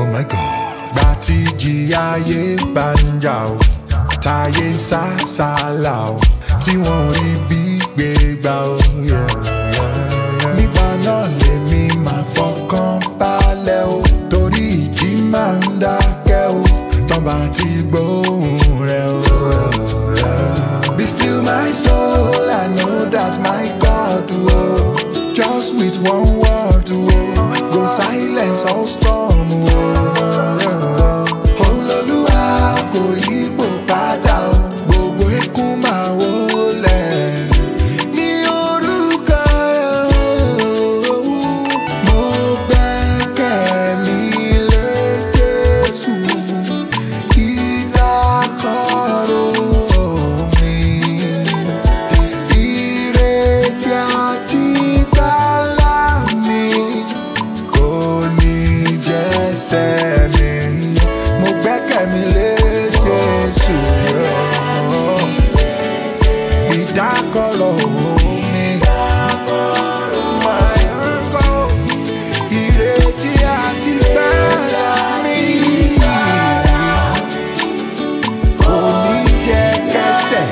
oh my god. Bàtíjì ayé ń banja o, táyé ń sá sálà o, tí wọ́n rí bí gbégbá o. Nípa náà lèmi máa fọkàn balẹ̀ o, torí ìjì máa ń dákẹ́ o, tán bá ti gbóhùn rẹ̀ o. Be still my soul, I know that my God o, oh. just with one word o, oh. go silence all storm. mi mo gbẹ́kẹ̀ mi lé Jésù yọ ìdákọ̀lọ̀ mi máa ń kọ́ ìrètí àti gbàrà mi kò ní jẹ́ kẹsẹ̀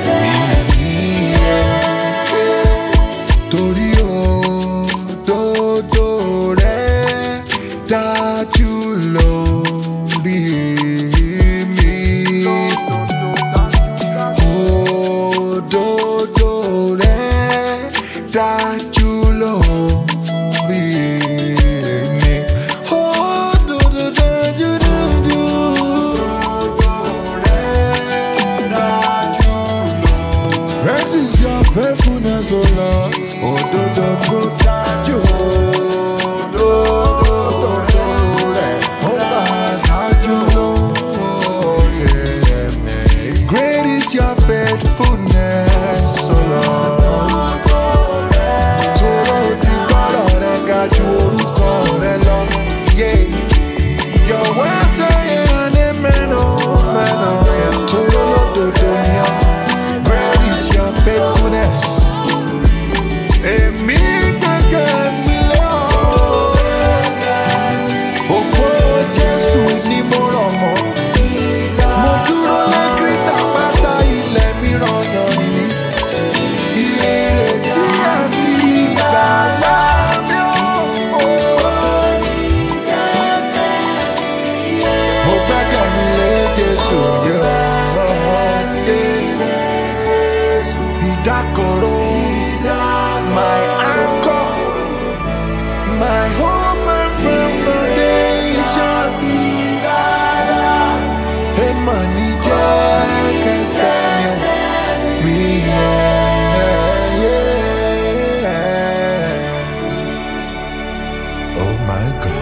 mi yẹ torí. jù oh, mi. oh, rẹ̀ dájú lórí mi. Òdodo dájú dájú. Great is your faithfulness, O Lord. Òdodo kò tó. yeah. my God.